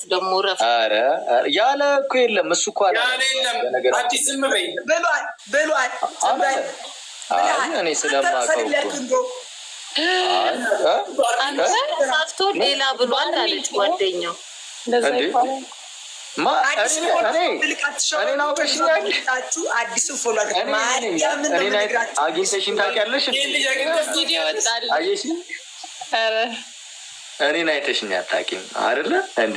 ሰዓት ደግሞ ረፍ ያለ እኮ የለም። እሱ እኮ አዲስ ዝም በይ ብሏል ብሏል። እኔ ስለማውቀው ሳፍቶ ሌላ ብሏል አለች ጓደኛው። እኔን አግኝተሽኝ ታውቂያለሽ? እኔን አይተሽኝ አታውቂም አይደለ እንዴ?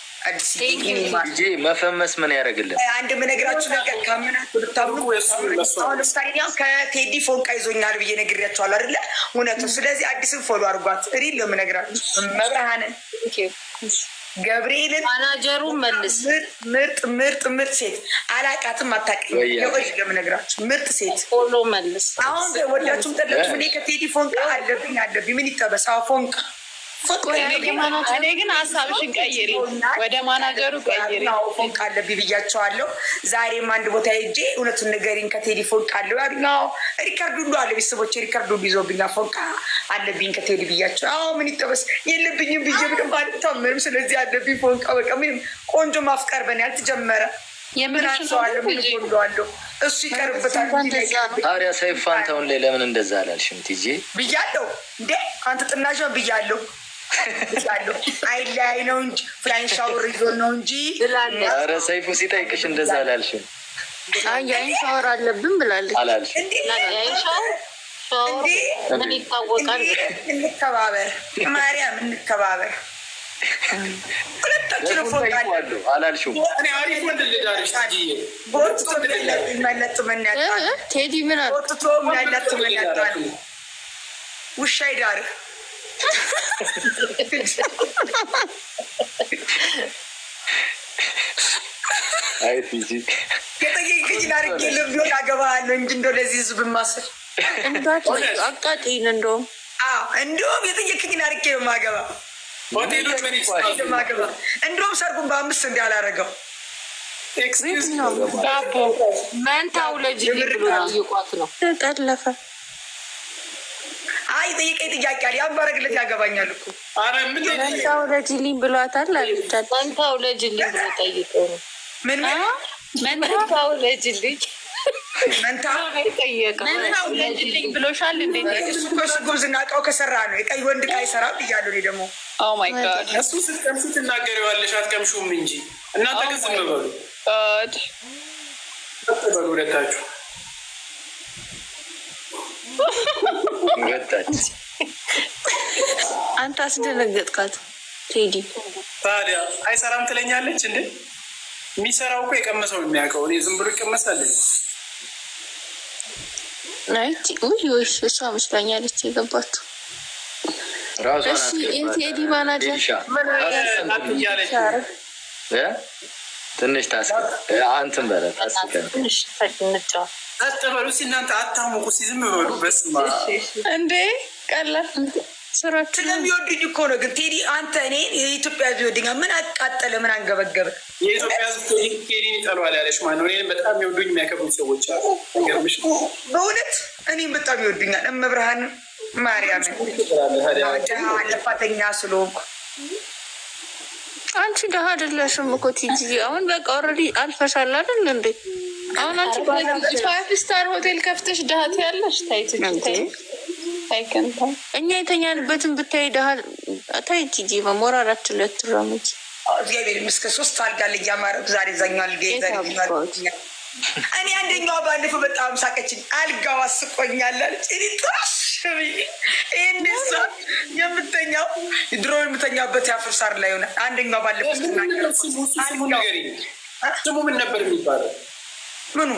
ዲጄ መፈመስ ምን ያደርግልን? አንድ የምነግራችሁ ነገር ከምናት ብታውቁ አሁን ምሳሌ ከቴዲ ፎንቃ ይዞኛል ብዬ ነግሬያቸዋለሁ አይደለ? እውነቱ። ስለዚህ አዲስን ፎሎ አድርጓት። እሪ ለምነግራችሁ መብርሃንን ገብርኤልን ማናጀሩ መልስ ምርጥ ምርጥ ምርጥ ሴት አላቃትም፣ አታውቅም። የቆይ ለምነግራችሁ ምርጥ ሴት ፎሎ መልስ። አሁን ወዳችሁም ጠላችሁ፣ እኔ ከቴዲ ፎንቃ አለብኝ አለብኝ ምን ይጠበሳ ፎንቃ እኔ ግን ሀሳብሽን ቀይሪ፣ ወደ ማናገሩ ቀይሪ። አለብኝ ብያቸዋለሁ። ዛሬም አንድ ቦታ ሄጄ እውነቱን ንገሪኝ ከቴዲ አለው ሁሉ አለ፣ ቤተሰቦች ሁሉ ይዞብኛል። አለብኝ ከቴዲ ብያቸው፣ አዎ ምን ይጠበስ የለብኝም ብዬ ምንም አልታመንም። ስለዚህ አለብኝ በቃ ምንም። ቆንጆ ማፍቀር በኔ አልተጀመረ። እሱ ይቀርብበታል። ታዲያ ላይ ለምን እንደዛ አላልሽም? ቲጄ ብያለሁ እንዴ አንተ ጥናሽ ብያለሁ አይለያይ ነው እንጂ ፍላይን ሻወር ይዞ ነው እንጂ። ኧረ ሰይፉ ሲጠይቅሽ እንደዛ አላልሽም። የአይን ሻወር አለብን ብላለች። ምን ይታወቃል? እንከባበር፣ ማርያም እንከባበር። ሁለታችንም ፎጣ ቴዲ ምን አለ? ውሻ ይዳርህ አይ ቲጂ የጠየቅሽን አድርጌ ልብ ያገባሃለሁ እንጂ እንደው ለዚህ ህዝብ ማስል አቃጢን እንደውም እንደውም የጠየቅሽን አድርጌ ማገባ እንደውም ሰርጉን በአምስት እንዲ አላረገው መንታው ለጅ ብሎ ጠለፈ የጠየቀኝ ጥያቄ አለ። ያን ያገባኛል እኮ መንታ ውለጅልኝ ብሏታል አለች። መንታ ውለጅልኝ ብሎ ጠይቆ ነው ምን መንታ ውለጅልኝ መንታ ውለጅልኝ ብሎሻል። እሱ ጉብዝና እቃው ከሰራ ነው የቀይ ወንድ እቃ አይሰራም ብያለሁ እኔ ደግሞ oh እሱ ትናገሪዋለሽ። እንጂ እናንተ ግን ዝም በሉ oh ሁለታችሁ ወጣች። አንተ አስደነገጥካት ቴዲ። ታዲያ አይሰራም ትለኛለች እንዴ? የሚሰራው እኮ የቀመሰው የሚያውቀው እኔ ዝም ብሎ እሷ መስላኛለች የገባችው ትንሽ ታስ አንትን በለ ታስ ጸጥ በሉ እናንተ አታሙቁ፣ ዝም በሉ። እንዴ ቀላል ስለሚወዱኝ እኮ ነው። ግን ቴዲ አንተ እኔ የኢትዮጵያ ሕዝብ ይወደኛል። ምን አቃጠለ? ምን አንገበገበ? የኢትዮጵያ ይጠሏል ያለሽ ማነው? በጣም የሚያከብሩኝ ሰዎች አሉ። ገርምሽ በእውነት እኔም በጣም ይወዱኛል። እመብርሃን ማርያም ለፋተኛ ስለሆንኩ አንቺ ደሃ አይደለሽም እኮ ቲጂ። አሁን በቃ ኦልሬዲ አልፈሻል አይደል እንዴ? አሁን አንቺ ፋይፍ ስታር ሆቴል ከፍተሽ ድሀት ያለሽ ታይትጅ እኛ የተኛንበትን ብታይ ድሀ ታይቲ ጂቫ ሞራራችን ለትራመች እግዚአብሔር ይመስገን ሶስት አልጋ ላይ ዛሬ ዛኛው አልጋ እኔ አንደኛዋ ባለፈው በጣም ሳቀችኝ። አልጋው አስቆኛለን አለች። ጥራሽ ብዬ ይህንሳ የምተኛው ድሮ የምተኛበት የአፍር ሳር ላይ ሆነ አንደኛው ባለፈው ስሙ ምን ነበር የሚባለው? ምኑ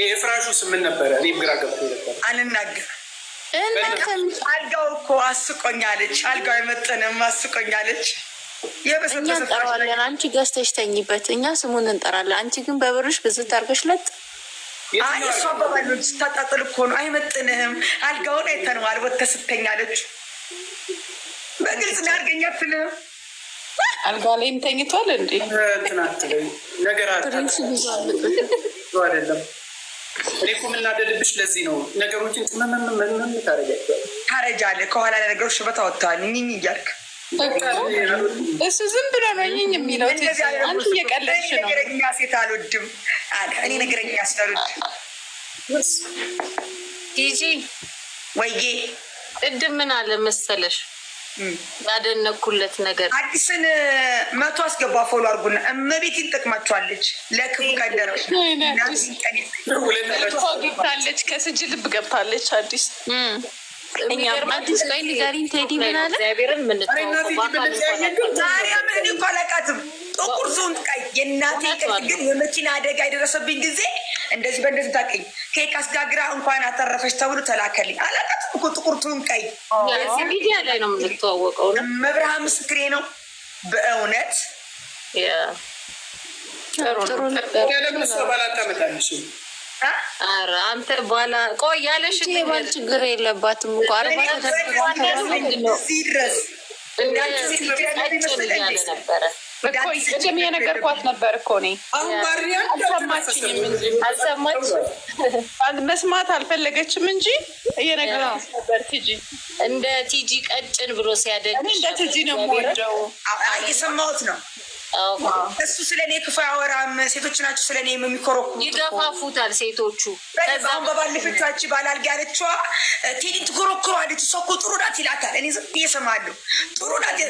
የፍራሹ ስምን ነበረ። እኔ ግራ ገብቶ ነበር። አልናገር አልጋው እኮ አስቆኛለች። አልጋው የመጠንም አስቆኛለች። እኛ እንጠራዋለን። አንቺ ገዝተሽ ተኝበት። እኛ ስሙን እንጠራለን። አንቺ ግን በብርሽ ብዙ ታርገሽ ለጥ አይ እሷ በባሎች ስታጣጥል እኮ ነው። አይመጥንህም። አልጋውን አይተነዋል። ወተስተኛለች በግልጽ ላድርገኛ ትልህም አልጋ ላይም ተኝቷል እንዴ? ለዚህ ነው። ነገሮችን ታረጃለ ከኋላ ለነገሮች ሽበት አወጥተዋል። እኝኝ እያልክ እሱ ዝም ብሎ ነው እኝኝ የሚለው። አንቺ እየቀለድሽ ነው። ነገረኛ ሴት አልወድም። እኔ ነገረኛ ሴት አልወድም። ጂጂ ወይዬ ቅድም ምን አለ መሰለሽ ያደነኩለት ነገር አዲስን መቶ አስገባ ፎሎ አርጉና እመቤቴን ጠቅማቸዋለች። ለክፉ ቀደረችታለች ከስጅ ልብ ገብታለች። አዲስ አዲስ ጥቁር ዞን ቀይ የእናቴ ግን የመኪና አደጋ የደረሰብኝ ጊዜ እንደዚህ በእንደዚህ ታቀኝ ኬክ አስጋግራ እንኳን አተረፈች ተብሎ ተላከልኝ። አላውቃትም እኮ ጥቁርቱን ቀይ ሚዲያ ላይ ነው የምንተዋወቀው። መብርሃ ምስክሬ ነው በእውነት አንተ በኋላ ቆይ ያለሽ ባል ችግር የለባትም እኮ ድረስ ነበረ እኮ ቅድም የነገርኳት ነበር እኮ እኔ አልሰማችኝም መስማት አልፈለገችም እንጂ እየነገርኳት ነበር። ቲጂ እንደ ቲጂ ቀጭን ብሎ ሲያደግ እንደ ቲጂ ነው የምወደው። የሰማሁት ነው እሱ ስለ እኔ ክፉ አወራም። ሴቶች ናቸው ስለ እኔ የሚኮረኩ ይገፋፉታል። ሴቶቹ አሁን በባለፈቻች ባላልጋ ያለችዋ ቴዲን ትኮረኩረዋለች። እሷ እኮ ጥሩ ናት ይላታል። እኔ ዝም ብዬ እሰማለሁ። ጥሩ ናት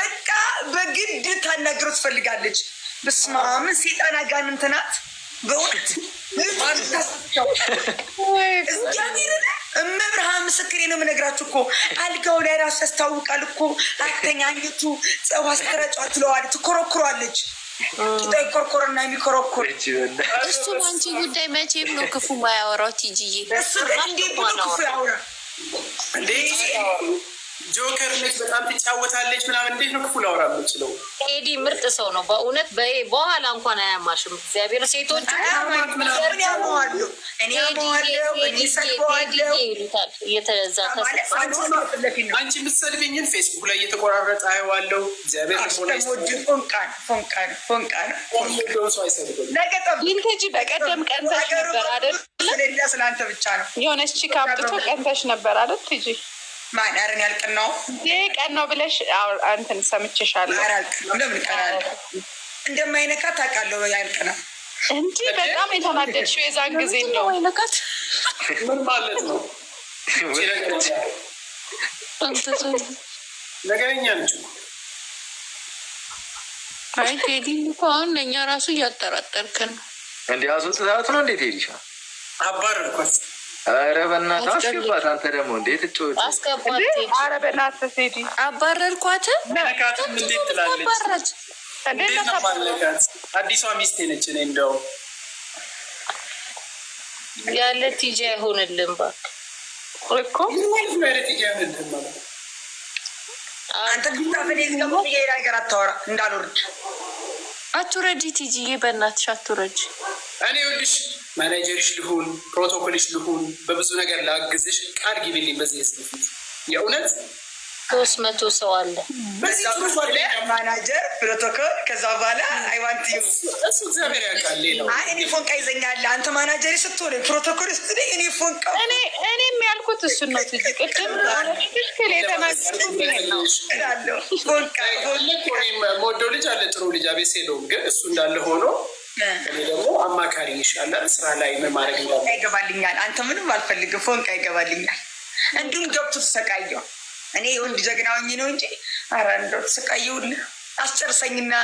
በቃ በግድ ታናግረው ትፈልጋለች። በስመ አብ ምን ሴጣን አጋንንት ናት። በእውነት እግዚአብሔርን እመብርሃን ምስክሬ ነው የምነግራችሁ እኮ አልጋው ላይ ራሱ ያስታውቃል እኮ አተኛኘቱ ጸዋ ስተረጫ ትለዋል ትኮረኩሯለች ቂጣ ይኮርኮርና የሚኮረኩር እሱም አንቺ ጉዳይ መቼም ነው ክፉ ማያወራው ቲጂዬ እሱ እንዴ ክፉ ያወራ ጆከር ነች፣ በጣም ትጫወታለች ምናምን። እንዴት ነው ክፉ ላውራ የምችለው? ኤዲ ምርጥ ሰው ነው በእውነት። በኋላ እንኳን አያማሽም። እግዚአብሔር ሴቶች አንቺ ምሰልብኝን ፌስቡክ ላይ እየተቆራረጠ አየዋለሁ። እግዚአብሔር በቀደም ቀንተሽ ነበር አይደል? ስለሌላ ስለአንተ ብቻ ነው የሆነች ቺክ አምጥቶ ቀንተሽ ነበር አይደል? ትጂ ማን ኧረ እኔ ይህ ቀን ነው ብለሽ አንተን ሰምቼሻለሁ። ለምን ቀናለሁ? እንደማይነካ ታውቃለሁ። ያልቀናው እንዲህ በጣም የተናደድሽው የዛን ጊዜ ነው። ምን ማለት ነው? ነገረኛ ነች። አይ ቴዲ እኮ አሁን እኛ ራሱ እያጠራጠርክን እንዲ አስወጥታት ነው እንዴት ሄዲሻ አባረርኳት ኧረ በእናትህ አስገባት። አንተ ደግሞ እንዴት እጮ በእናትህ ሴዲ አባረርኳት። አዲሷ ሚስቴ ነች። እኔ እንደውም ያለ ቲጂ አይሆንልም እባክህ እኮ አንተ አትውረጂ ቲጂዬ፣ በእናትሽ አትውረጂ። እኔ ይኸውልሽ ማናጀርሽ ልሁን፣ ፕሮቶኮልሽ ልሁን፣ በብዙ ነገር ላግዝሽ፣ ቃል ግቢልኝ። በዚህ የስልፊት የእውነት ሶስት መቶ ሰው አለ ማናጀር ፕሮቶኮል። ከዛ በኋላ አይዋንት እሱ እግዚአብሔር ያውቃል። እኔ ፎንቃ ይዘኛለ አንተ ማናጀር ስትሆን ፕሮቶኮል ስ እኔ ፎንቃ እኔ የሚያልኩት እሱ ነው። ትዚ ቅድም ትክክል የተናገርኩት ፎንቃ ወይም ሞዶ ልጅ አለ ጥሩ ልጅ አቤት ሴሎም ግን እሱ እንዳለ ሆኖ ደግሞ አማካሪ ይሻላል ስራ ላይ ምን ማድረግ ይገባልኛል። አንተ ምንም አልፈልግም፣ ፎንቅ አይገባልኛል። እንዲሁም ገብቶ ተሰቃየው። እኔ ወንድ ጀግናውኝ ነው እንጂ ኧረ እንደው ተሰቃየውልህ አስጨርሰኝና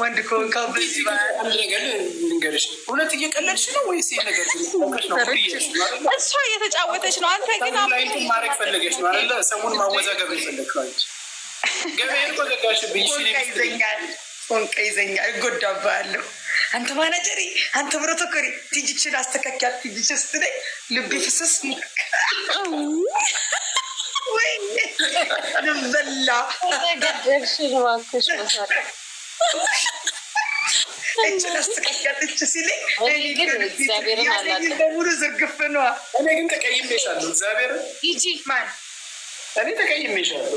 ወንድ ከሆንከው በዚህ አንድ ነገር ልንገርሽ፣ እውነት እየቀለድሽ ነው ወይስ ነገር እሷ እየተጫወተች ነው? አንተ ግን ማድረግ ፈለገች ነው አለ ሰሙን ማወዛገብ ፈለግች ገበያ ዘጋሽ ብይሽ ፎንቃ ይዘኛል፣ እጎዳባለሁ አንተ ማናጀሪ፣ አንተ ብሮቶኮሪ ትጅችን አስተካኪያ ትጅች ስትለኝ ልቤ ፍስስ ወይ ልበላ እችን አስተካኪያ ትች ሲለኝ በሙሉ ዝርግፍ ነዋ። እኔ ግን ተቀይሜሻለሁ። እግዚአብሔር ማን እኔ ተቀይሜሻለሁ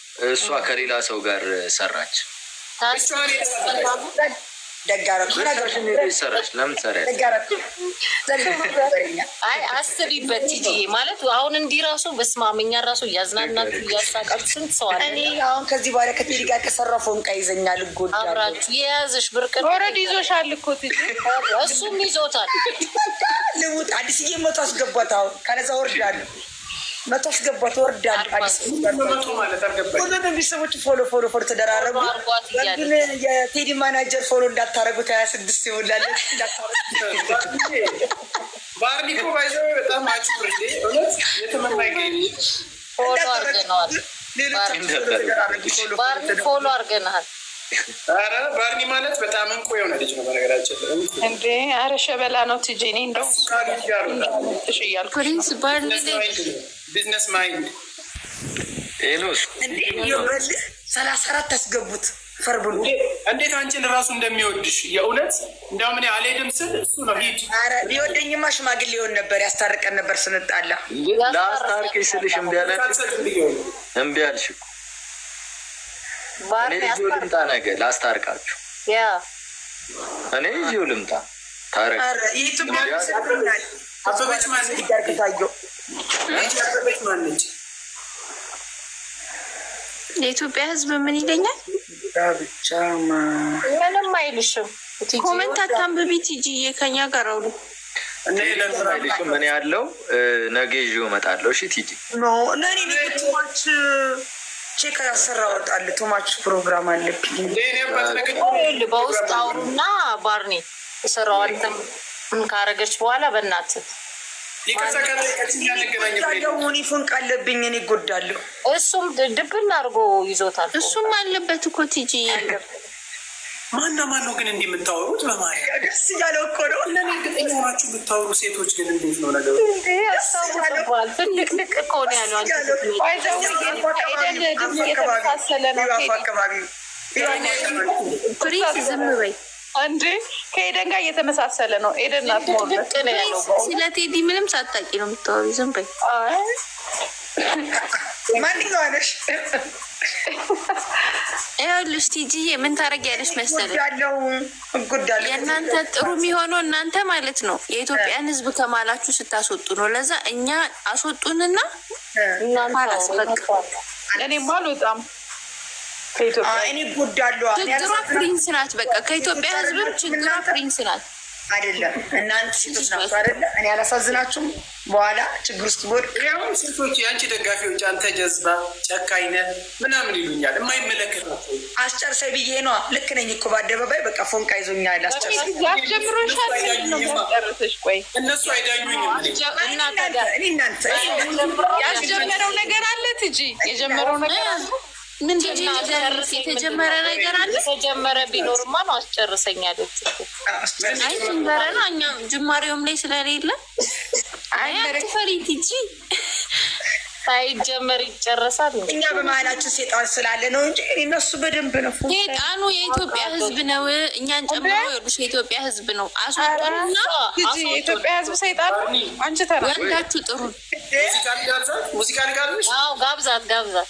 እሷ ከሌላ ሰው ጋር ሰራች። አስቢበት ቲጂዬ ማለት አሁን እንዲህ ራሱ በስመ አብ እኛን ራሱ እያዝናናችሁ እያሳቃችሁ ስንት ሰው አለ። አሁን ከዚህ በኋላ ከቲጂ ጋር ከሰረፈውን ፎንቃ ይዘኛል። ጎዳ አብራችሁ የያዘሽ ብርቅ ኦልሬዲ ይዞሻል እኮ ቲጂ፣ እሱም ይዞታል። ልሙጥ አዲስዬ መቶ አስገባት። አሁን ካለዛ ወርዳለሁ መቶ አስገቧት ወርዳለሁ። አዲስ ሰዎች ፎሎ ፎሎ ፎሎ ተደራረጉ። የቴዲ ማናጀር ፎሎ እንዳታረጉት ሀያ ስድስት ይሆናል። ባርኒኮ ባይዘው በጣም እውነት የተመናገኝ ፎሎ አርገነዋል። ባርኒ ፎሎ አረ ባርኒ ማለት በጣም እንቁ የሆነ ልጅ ነው። በነገራችን እንዴ አረ ሸበላ ነው። ትጂኔ እንደው ሽያል ፕሪንስ ባርኒ ቢዝነስ ማይንድ ሰላሳ አራት አስገቡት። ፈርቡን እንዴት አንቺን ራሱ እንደሚወድሽ የእውነት እንዲያውም እኔ አልሄድም ስል እሱ ነው ሂድ። ኧረ ቢወደኝማ ሽማግሌ ሊሆን ነበር፣ ያስታርቀን ነበር። ስንጣላ ለአስታርቅሽ ስልሽ እምቢ አለሽ፣ እምቢ አልሽ። እኔ ልጅ ልምጣ ነገ ላስታርቃችሁ፣ እኔ ልጅ ልምጣ ታረቅ ያበበች ማነች? የኢትዮጵያ ሕዝብ ምን ይለኛል? ምንም አይልሽም። ኮመንት አታንብቢ ቲጂዬ፣ ከኛ ጋር አውሉ። ምን ያለው ነገ ይዤው እመጣለሁ። እሺ ቲጂ ቱማች ቼክ ወጣል። ቱማች ፕሮግራም አለብኝ። በውስጥ አውሩና ባርኔ ካረገች በኋላ በእናትህ ዩኒፎርም አለብኝ እኔ እጎዳለሁ። እሱም ድብን አድርጎ ይዞታል። እሱም አለበት እኮ ቲጂ ማና ማን ነው ግን እንዲህ የምታወሩት? በማርያም እያለው እኮ ነው። ለኔ እርግጠኛ ሆናችሁ የምታወሩ ሴቶች ግን እንዴት ነው ነገሩ? ፍንቅንቅ እኮ ነው ያለው። ኤደን ድምፅ ዝም በይ አንዴ ከኤደን ጋር እየተመሳሰለ ነው። ኤደን ናት ሞለት ስለ ቴዲ ምንም ሳታቂ ነው የምታወሩ። ዝም በይ። ማንኛው ነሽ? ይኸውልሽ ቲጂዬ ምን ታደርጊያለሽ መሰለሽ፣ የእናንተ ጥሩ የሚሆነው እናንተ ማለት ነው የኢትዮጵያን ሕዝብ ከማላችሁ ስታስወጡ ነው። ለዛ እኛ አስወጡንና እናንተ አላስበቃ እኔ ማልወጣም እኔ ጎዳለሁ። ችግሯ ፕሪንስ ናት። በቃ ከኢትዮጵያ ሕዝብም ችግሯ ፕሪንስ ናት። አይደለም እናንተ ሴቶች ናቸው አይደለ? እኔ አላሳዝናችሁም? በኋላ ችግር ውስጥ ቦድ ሁን ሴቶች፣ የአንቺ ደጋፊዎች አንተ ጀዝባ ጨካኝነ ምናምን ይሉኛል። የማይመለከት አስጨርሰኝ ብዬ ነዋ። ልክ ነኝ እኮ በአደባባይ በቃ ፎንቃ ይዞኛል። እነሱ አይዳኙኝም። እናንተ ያስጀመረው ነገር አለ ትጂ የጀመረው ነገር አለ የተጀመረ ነገር አለ። የተጀመረ ቢኖርማ ነው አስጨርሰኛለች። አይ ጀመረ ነው እኛ ጅማሬውም ላይ ስለሌለ አይ አትፈሪት እንጂ ሳይጀመር ይጨረሳል። እኛ በመሀላችን ሴጣን ስላለ ነው እንጂ እነሱ በደንብ ነው። ሴጣኑ የኢትዮጵያ ሕዝብ ነው፣ እኛን ጨምሮ ይኸውልሽ፣ የኢትዮጵያ ሕዝብ ነው። አስወጡና የኢትዮጵያ ሕዝብ ሰይጣን አንቺ ተራ ወንዳችሁ ጥሩ ሙዚቃ ጋብዛት፣ ጋብዛት